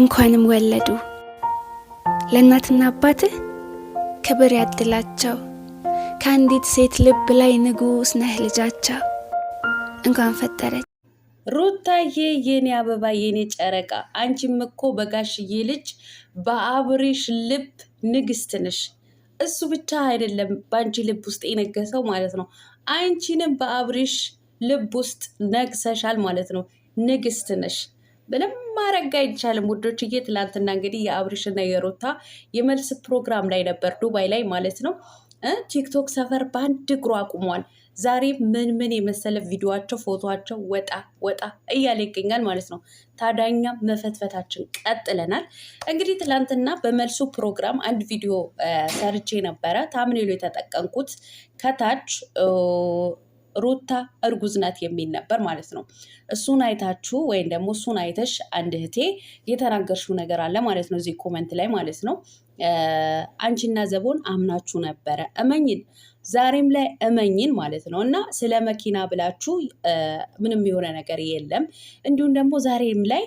እንኳንም ወለዱ። ለእናትና አባትህ ክብር ያድላቸው። ከአንዲት ሴት ልብ ላይ ንጉስ ነህ ልጃቸው። እንኳን ፈጠረች ሩታዬ የኔ አበባ የኔ ጨረቃ፣ አንቺም እኮ በጋሽዬ ልጅ በአብሬሽ ልብ ንግስት ነሽ። እሱ ብቻ አይደለም በአንቺ ልብ ውስጥ የነገሰው ማለት ነው። አንቺንም በአብሬሽ ልብ ውስጥ ነግሰሻል ማለት ነው። ንግስት ነሽ። ምንም ማረግ አይቻልም ውዶችዬ። ትላንትና እንግዲህ የአብርሽና የሮታ የመልስ ፕሮግራም ላይ ነበር፣ ዱባይ ላይ ማለት ነው። ቲክቶክ ሰፈር በአንድ እግሩ አቁሟል። ዛሬ ምን ምን የመሰለ ቪዲዮቸው ፎቶቸው ወጣ ወጣ እያለ ይገኛል ማለት ነው። ታዳኛ መፈትፈታችን ቀጥለናል። እንግዲህ ትላንትና በመልሱ ፕሮግራም አንድ ቪዲዮ ሰርቼ ነበረ። ታምኔሎ የተጠቀምኩት ከታች ሩታ እርጉዝ ናት የሚል ነበር ማለት ነው። እሱን አይታችሁ ወይም ደግሞ እሱን አይተሽ አንድ እህቴ የተናገርሽው ነገር አለ ማለት ነው እዚህ ኮመንት ላይ ማለት ነው። አንቺና ዘቦን አምናችሁ ነበረ እመኝን፣ ዛሬም ላይ እመኝን ማለት ነው። እና ስለ መኪና ብላችሁ ምንም የሆነ ነገር የለም። እንዲሁም ደግሞ ዛሬም ላይ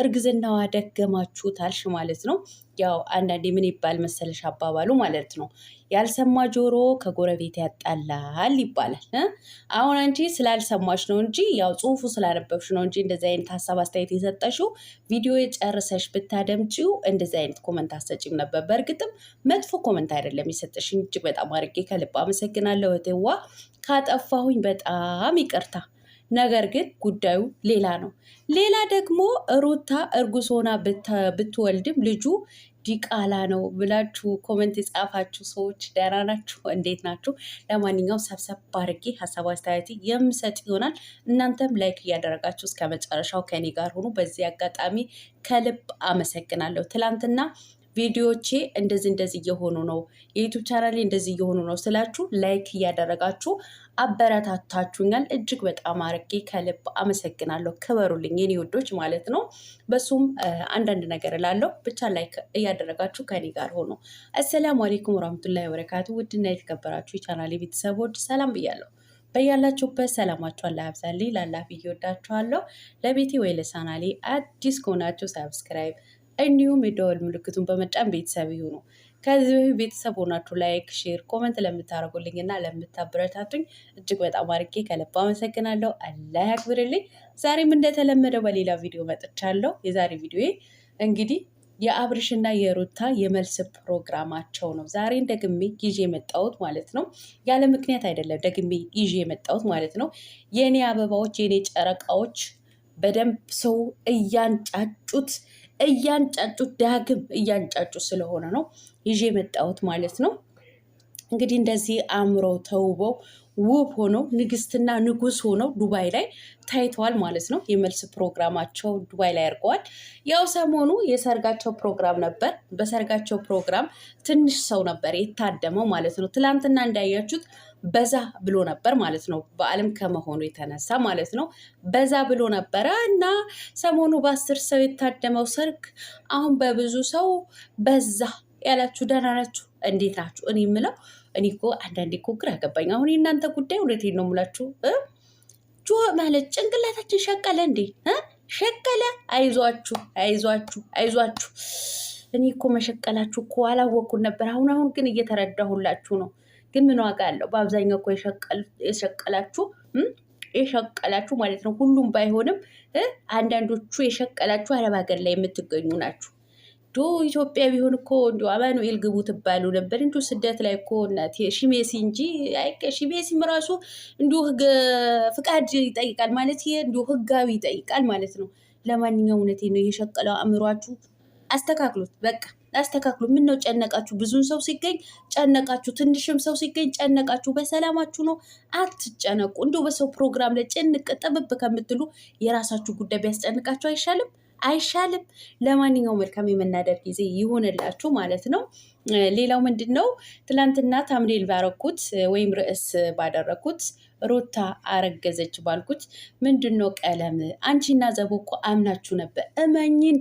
እርግዝናዋ ደገማችሁ ታልሽ ማለት ነው። ያው አንዳንዴ ምን ይባል መሰለሽ አባባሉ ማለት ነው ያልሰማ ጆሮ ከጎረቤት ያጣላል ይባላል። አሁን አንቺ ስላልሰማሽ ነው እንጂ ያው ጽሁፉ ስላነበብሽ ነው እንጂ እንደዚህ አይነት ሀሳብ አስተያየት የሰጠሽው ቪዲዮ የጨርሰሽ ብታደምጪው እንደዚህ አይነት ኮመንት አሰጪም ነበር። በእርግጥም መጥፎ ኮመንት አይደለም የሰጠሽኝ። እጅግ በጣም አድርጌ ከልብ አመሰግናለሁ እህቴዋ። ካጠፋሁኝ በጣም ይቅርታ። ነገር ግን ጉዳዩ ሌላ ነው። ሌላ ደግሞ ሩታ እርጉዝ ሆና ብትወልድም ልጁ ዲቃላ ነው ብላችሁ ኮመንት የጻፋችሁ ሰዎች ደህና ናችሁ? እንዴት ናችሁ? ለማንኛውም ሰብሰብ ባርጌ ሀሳብ አስተያየት የምሰጥ ይሆናል። እናንተም ላይክ እያደረጋችሁ እስከ መጨረሻው ከኔ ጋር ሆኑ። በዚህ አጋጣሚ ከልብ አመሰግናለሁ። ትላንትና ቪዲዮቼ እንደዚህ እንደዚህ እየሆኑ ነው፣ የዩቱብ ቻናሌ እንደዚህ እየሆኑ ነው ስላችሁ ላይክ እያደረጋችሁ አበረታታችሁኛል። እጅግ በጣም አርጌ ከልብ አመሰግናለሁ። ክበሩልኝ የኔ ውዶች ማለት ነው። በሱም አንዳንድ ነገር እላለሁ። ብቻ ላይክ እያደረጋችሁ ከኔ ጋር ሆኖ አሰላሙ አሌይኩም ወራህመቱላሂ ወበረካቱ። ውድና የተከበራችሁ የቻናሌ ቤተሰቦች ሰላም ብያለሁ። በያላችሁበት ሰላማችሁ አላህ ያብዛልኝ። ላላፊ እየወዳችኋለሁ። ለቤቴ ወይ ለቻናሌ አዲስ ከሆናችሁ ሰብስክራይብ እንዲሁም የደወል ምልክቱን በመጫን ቤተሰብ ይሁኑ። ከዚህ በፊት ቤተሰብ ሆናችሁ ላይክ፣ ሼር፣ ኮመንት ለምታደርጉልኝ እና ለምታበረታቱኝ እጅግ በጣም አድርጌ ከልብ አመሰግናለሁ። አላህ ያክብርልኝ። ዛሬም እንደተለመደው በሌላ ቪዲዮ መጥቻለሁ። የዛሬ ቪዲዮ እንግዲህ የአብርሽና የሩታ የመልስ ፕሮግራማቸው ነው። ዛሬ ደግሜ ይዤ የመጣሁት ማለት ነው። ያለ ምክንያት አይደለም፣ ደግሜ ይዤ የመጣሁት ማለት ነው። የእኔ አበባዎች፣ የእኔ ጨረቃዎች በደንብ ሰው እያንጫጩት እያንጫጩት ዳግም እያንጫጩ ስለሆነ ነው ይዤ የመጣሁት ማለት ነው። እንግዲህ እንደዚህ አምረው ተውበው ውብ ሆነው ንግስትና ንጉስ ሆነው ዱባይ ላይ ታይተዋል ማለት ነው። የመልስ ፕሮግራማቸው ዱባይ ላይ አድርገዋል። ያው ሰሞኑ የሰርጋቸው ፕሮግራም ነበር። በሰርጋቸው ፕሮግራም ትንሽ ሰው ነበር የታደመው ማለት ነው። ትላንትና እንዳያችሁት በዛ ብሎ ነበር ማለት ነው። በዓለም ከመሆኑ የተነሳ ማለት ነው በዛ ብሎ ነበረ እና ሰሞኑ በአስር ሰው የታደመው ሰርግ አሁን በብዙ ሰው በዛ ያላችሁ ደህና ናችሁ? እንዴት ናችሁ? እኔ የምለው እኔ እኮ አንዳንዴ እኮ ግራ ገባኝ። አሁን የእናንተ ጉዳይ እውነቴን ነው የምላችሁ። ጆ ማለት ጭንቅላታችን ሸቀለ እንዴ? ሸቀለ። አይዟችሁ፣ አይዟችሁ፣ አይዟችሁ። እኔ እኮ መሸቀላችሁ እኮ አላወቅኩን ነበር። አሁን አሁን ግን እየተረዳሁላችሁ ነው። ግን ምን ዋጋ አለው? በአብዛኛው እኮ የሸቀላችሁ የሸቀላችሁ ማለት ነው። ሁሉም ባይሆንም አንዳንዶቹ የሸቀላችሁ አረብ ሀገር ላይ የምትገኙ ናችሁ። ዶ ኢትዮጵያ ቢሆን እኮ እንዲ አማኑኤል ግቡ ትባሉ ነበር። እንዲ ስደት ላይ እኮ እናቴ ሽሜሲ እንጂ ሽሜሲም ራሱ እንዲሁ ፍቃድ ይጠይቃል ማለት ይሄ እንዲ ህጋዊ ይጠይቃል ማለት ነው። ለማንኛውም እውነቴ ነው። የሸቀለው አእምሯችሁ አስተካክሉት፣ በቃ አስተካክሉ። ምን ነው ጨነቃችሁ? ብዙን ሰው ሲገኝ ጨነቃችሁ፣ ትንሽም ሰው ሲገኝ ጨነቃችሁ። በሰላማችሁ ነው፣ አትጨነቁ። እንዲ በሰው ፕሮግራም ላይ ጭንቅ ጥብብ ከምትሉ የራሳችሁ ጉዳይ ቢያስጨንቃችሁ አይሻልም? አይሻልም? ለማንኛውም መልካም የመናደር ጊዜ ይሆንላችሁ ማለት ነው። ሌላው ምንድን ነው? ትላንትና ታምሌል ባረኩት ወይም ርዕስ ባደረኩት ሩታ አረገዘች ባልኩት ምንድን ነው ቀለም አንቺና ዘቦኮ እኮ አምናችሁ ነበር። እመኝን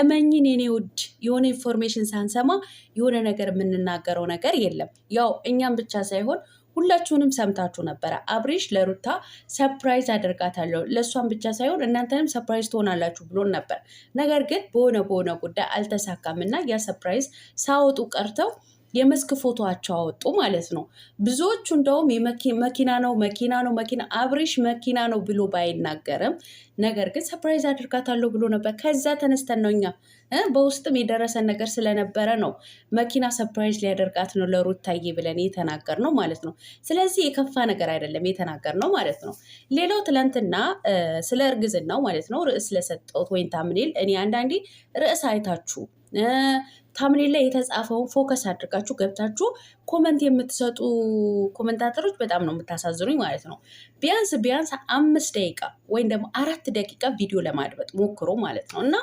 እመኝን የኔ ውድ የሆነ ኢንፎርሜሽን ሳንሰማ የሆነ ነገር የምንናገረው ነገር የለም። ያው እኛም ብቻ ሳይሆን ሁላችሁንም ሰምታችሁ ነበረ። አብሬሽ ለሩታ ሰፕራይዝ አደርጋታለሁ ለእሷን ብቻ ሳይሆን እናንተንም ሰፕራይዝ ትሆናላችሁ ብሎን ነበር። ነገር ግን በሆነ በሆነ ጉዳይ አልተሳካም እና ያ ሰፕራይዝ ሳወጡ ቀርተው የመስክ ፎቶቸው አወጡ ማለት ነው። ብዙዎቹ እንደውም መኪና ነው መኪና ነው መኪና አብሬሽ መኪና ነው ብሎ ባይናገርም ነገር ግን ሰፕራይዝ አድርጋታለሁ ብሎ ነበር። ከዛ ተነስተን ነው እኛ በውስጥም የደረሰን ነገር ስለነበረ ነው መኪና ሰፕራይዝ ሊያደርጋት ነው ለሩታዬ ብለን የተናገር ነው ማለት ነው። ስለዚህ የከፋ ነገር አይደለም የተናገር ነው ማለት ነው። ሌላው ትናንትና ስለ እርግዝናው ማለት ነው ርዕስ ስለሰጠሁት ወይም ታምኔል እኔ አንዳንዴ ርዕስ አይታችሁ ታምኔል ላይ የተጻፈውን ፎከስ አድርጋችሁ ገብታችሁ ኮመንት የምትሰጡ ኮመንታተሮች በጣም ነው የምታሳዝኑኝ ማለት ነው። ቢያንስ ቢያንስ አምስት ደቂቃ ወይም ደግሞ አራት ደቂቃ ቪዲዮ ለማድመጥ ሞክሮ ማለት ነው እና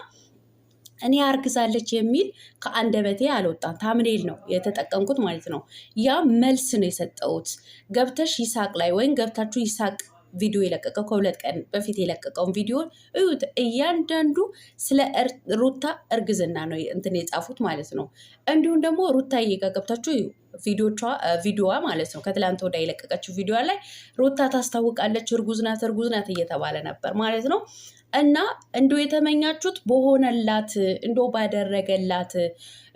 እኔ አርግዛለች የሚል ከአንደበቴ አልወጣም። ታምኔል ነው የተጠቀምኩት ማለት ነው። ያ መልስ ነው የሰጠሁት። ገብተሽ ይሳቅ ላይ ወይም ገብታችሁ ይሳቅ ቪዲዮ የለቀቀው ከሁለት ቀን በፊት የለቀቀውን ቪዲዮ እዩት። እያንዳንዱ ስለ ሩታ እርግዝና ነው እንትን የጻፉት ማለት ነው። እንዲሁም ደግሞ ሩታ እየጋገብታችሁ ገብታችሁ ቪዲዮቿ ቪዲዮዋ ማለት ነው። ከትላንት ወዳ የለቀቀችው ቪዲዮ ላይ ሩታ ታስታውቃለች፣ እርጉዝ ናት፣ እርጉዝ ናት እየተባለ ነበር ማለት ነው። እና እንዶ የተመኛችሁት በሆነላት እንዶ ባደረገላት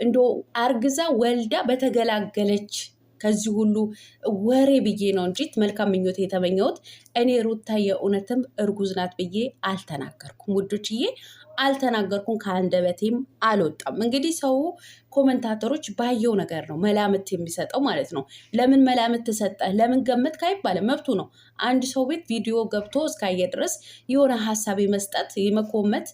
እንዶ አርግዛ ወልዳ በተገላገለች ከዚህ ሁሉ ወሬ ብዬ ነው እንጂ መልካም ምኞት የተመኘሁት። እኔ ሩታ የእውነትም እርጉዝ ናት ብዬ አልተናገርኩም ውዶችዬ፣ አልተናገርኩም፣ ከአንደበቴም አልወጣም። እንግዲህ ሰው ኮመንታተሮች ባየው ነገር ነው መላምት የሚሰጠው ማለት ነው። ለምን መላምት ተሰጠ፣ ለምን ገመት ካይባለ መብቱ ነው። አንድ ሰው ቤት ቪዲዮ ገብቶ እስካየ ድረስ የሆነ ሀሳብ የመስጠት የመኮመት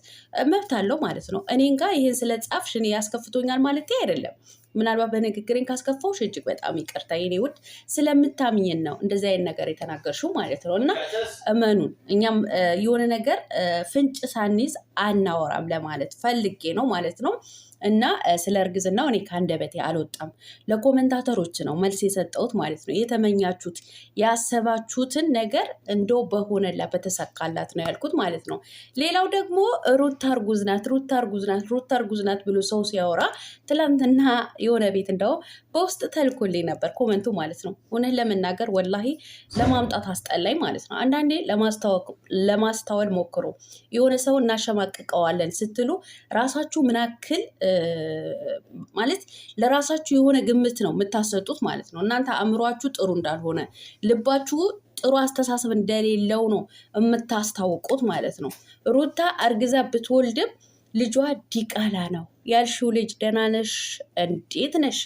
መብት አለው ማለት ነው። እኔን ጋር ይህን ስለ ጻፍሽ እኔ ያስከፍቶኛል ማለት አይደለም። ምናልባት በንግግሬን ካስከፋውሽ እጅግ በጣም ይቅርታ የኔ ውድ፣ ስለምታምኝን ነው እንደዚ አይነት ነገር የተናገርሽው ማለት ነው። እና እመኑን እኛም የሆነ ነገር ፍንጭ ሳንይዝ አናወራም ለማለት ፈልጌ ነው ማለት ነው። እና ስለ እርግዝናው እኔ ከአንደበቴ አልወጣም። ለኮመንታተሮች ነው መልስ የሰጠሁት ማለት ነው። የተመኛችሁት ያሰባችሁትን ነገር እንዶ በሆነላት በተሳካላት ነው ያልኩት ማለት ነው። ሌላው ደግሞ ሩታ እርጉዝ ናት፣ ሩታ እርጉዝ ናት፣ ሩታ እርጉዝ ናት ብሎ ሰው ሲያወራ ትላንትና የሆነ ቤት እንደው በውስጥ ተልኮልኝ ነበር ኮመንቱ ማለት ነው። እውነት ለመናገር ወላሂ ለማምጣት አስጠላኝ ማለት ነው። አንዳንዴ ለማስታወል ሞክሩ። የሆነ ሰው እናሸማቅቀዋለን ስትሉ ራሳችሁ ምናክል ማለት ለራሳችሁ የሆነ ግምት ነው የምታሰጡት ማለት ነው። እናንተ አእምሯችሁ ጥሩ እንዳልሆነ ልባችሁ ጥሩ አስተሳሰብ እንደሌለው ነው የምታስታውቁት ማለት ነው። ሩታ አርግዛ ብትወልድም ልጇ ዲቃላ ነው ያልሽው ልጅ ደህና ነሽ? እንዴት ነሽ?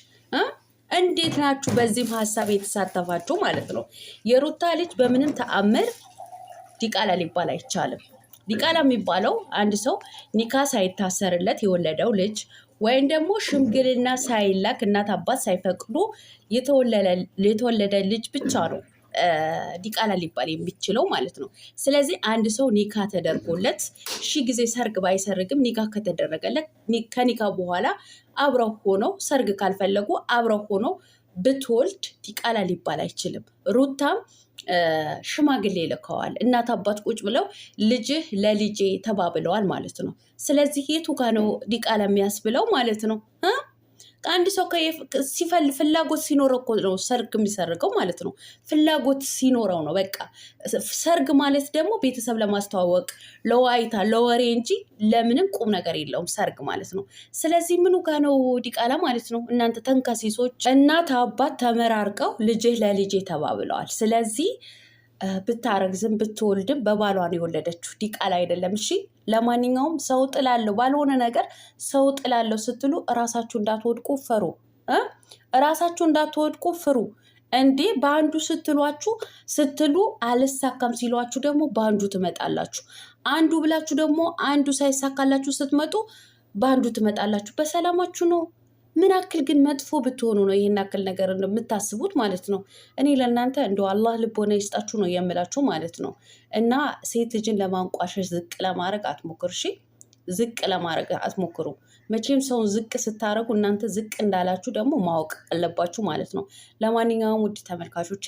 እንዴት ናችሁ? በዚህም ሀሳብ የተሳተፋችሁ ማለት ነው። የሩታ ልጅ በምንም ተአምር ዲቃላ ሊባል አይቻልም። ዲቃላ የሚባለው አንድ ሰው ኒካ ሳይታሰርለት የወለደው ልጅ ወይም ደግሞ ሽምግልና ሳይላክ እናት አባት ሳይፈቅዱ የተወለደ ልጅ ብቻ ነው ዲቃላ ሊባል የሚችለው ማለት ነው። ስለዚህ አንድ ሰው ኒካ ተደርጎለት ሺ ጊዜ ሰርግ ባይሰርግም ኒካ ከተደረገለት ከኒካ በኋላ አብረው ሆነው ሰርግ ካልፈለጉ አብረው ሆነው ብትወልድ ዲቃላ ሊባል አይችልም። ሩታም ሽማግሌ ልከዋል። እናት አባት ቁጭ ብለው ልጅህ ለልጄ ተባብለዋል ማለት ነው። ስለዚህ የቱ ጋ ነው ዲቃላ የሚያስብለው ማለት ነው? አንድ ሰው ፍላጎት ሲኖረው እኮ ነው ሰርግ የሚሰርገው ማለት ነው። ፍላጎት ሲኖረው ነው በቃ። ሰርግ ማለት ደግሞ ቤተሰብ ለማስተዋወቅ ለዋይታ፣ ለወሬ እንጂ ለምንም ቁም ነገር የለውም ሰርግ ማለት ነው። ስለዚህ ምኑ ጋ ነው ዲቃላ ማለት ነው? እናንተ ተንከሲሶች፣ እናት አባት ተመራርቀው ልጅህ ለልጄ ተባብለዋል። ስለዚህ ብታረግዝም ብትወልድም በባሏን የወለደችው ዲቃላ አይደለም። እሺ ለማንኛውም ሰው ጥላለሁ ባልሆነ ነገር ሰው ጥላለሁ ስትሉ እራሳችሁ እንዳትወድቁ ፍሩ። እራሳችሁ እንዳትወድቁ ፍሩ። እንዴ በአንዱ ስትሏችሁ ስትሉ አልሳካም ሲሏችሁ ደግሞ በአንዱ ትመጣላችሁ። አንዱ ብላችሁ ደግሞ አንዱ ሳይሳካላችሁ ስትመጡ በአንዱ ትመጣላችሁ። በሰላማችሁ ነው። ምን ያክል ግን መጥፎ ብትሆኑ ነው ይህን አክል ነገር የምታስቡት ማለት ነው። እኔ ለእናንተ እንደ አላህ ልቦና ይስጣችሁ ነው የምላችሁ ማለት ነው። እና ሴት ልጅን ለማንቋሸሽ ዝቅ ለማድረግ አትሞክር እሺ፣ ዝቅ ለማድረግ አትሞክሩ። መቼም ሰውን ዝቅ ስታደረጉ እናንተ ዝቅ እንዳላችሁ ደግሞ ማወቅ አለባችሁ ማለት ነው። ለማንኛውም ውድ ተመልካቾቼ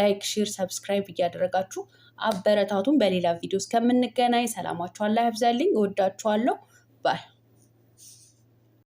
ላይክ፣ ሼር፣ ሰብስክራይብ እያደረጋችሁ አበረታቱን። በሌላ ቪዲዮ እስከምንገናኝ ሰላማችሁ አላህ ያብዛልኝ። እወዳችኋለሁ ባይ